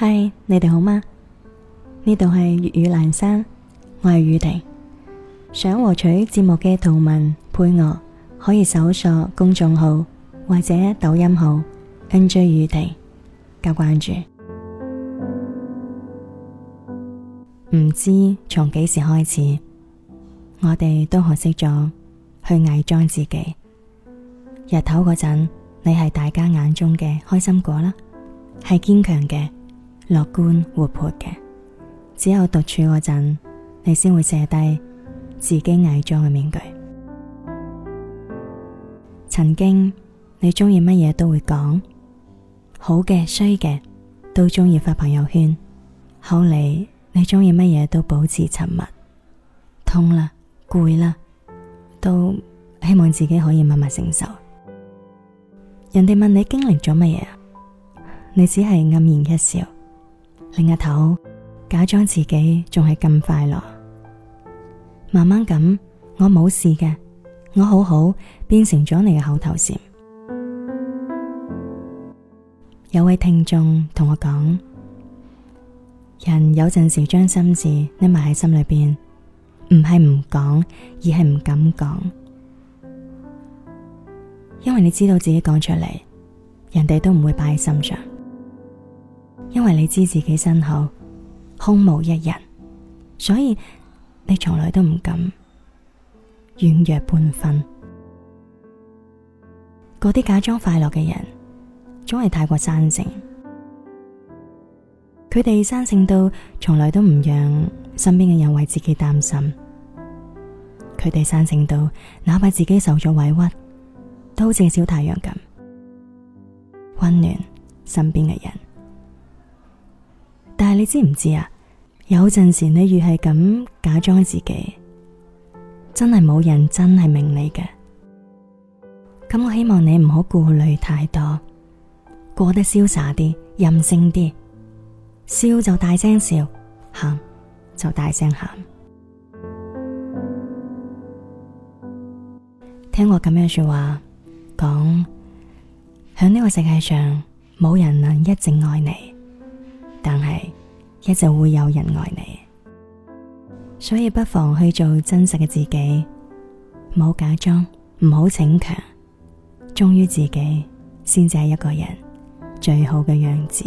嗨，Hi, 你哋好嗎？呢度係粵語闌珊，我係雨婷。想獲取節目嘅圖文配樂，可以搜索公眾號或者抖音號 NJ 雨婷加關注。唔知從幾時開始，我哋都學識咗去偽裝自己。日頭嗰陣，你係大家眼中嘅開心果啦，係堅強嘅。樂觀活潑嘅，只有獨處嗰陣，你先會卸低自己偽裝嘅面具。曾經你鍾意乜嘢都會講，好嘅、衰嘅都鍾意發朋友圈。後嚟你鍾意乜嘢都保持沉默，痛啦、攰啦，都希望自己可以慢慢承受。人哋問你經歷咗乜嘢啊？你只係黯然一笑。擰吓頭假裝自己仲係咁快樂，慢慢咁，我冇事嘅，我，我好好變成咗你嘅口頭禪。 有位聽眾同我講，人有陣時將心事匿埋喺心裏邊，唔係唔講，而係唔敢講，因為你知道自己講出嚟，人哋都唔會擺喺心上。因為你知自己身後空無一人，所以你從來都唔敢軟弱半分。嗰啲假裝快樂嘅人，總係太過生性。佢哋生性到從來都唔讓身邊嘅人為自己擔心。佢哋生性到，哪怕自己受咗委屈，都好似小太陽咁溫暖身邊嘅人。你知唔知啊？有陣時你越係咁假裝自己，真係冇人真係明你嘅。咁我希望你唔好顧慮太多，過得瀟灑啲、任性啲，笑就大聲笑，喊就大聲喊。聽我咁樣說話，講，響呢個世界上冇人能一直愛你，但係，一直會有人愛你，所以不妨去做真實嘅自己，唔好假裝，唔好逞強，忠於自己，先至係一個人最好嘅樣子。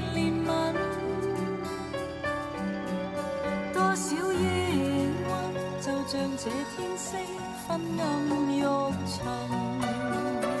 像這天色昏暗欲沉。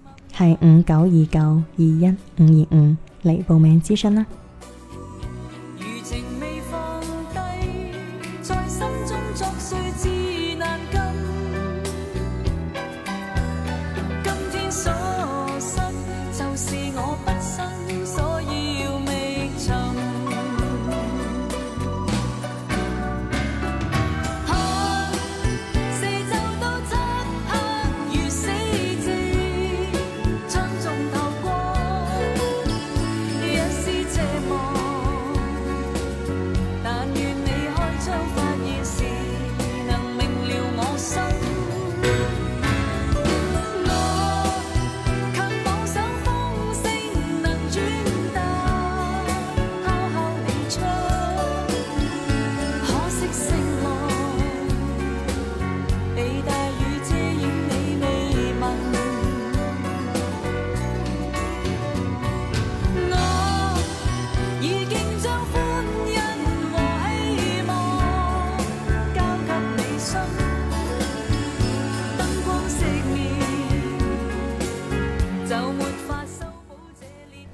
係五九二九二一五二五嚟報名諮詢啦。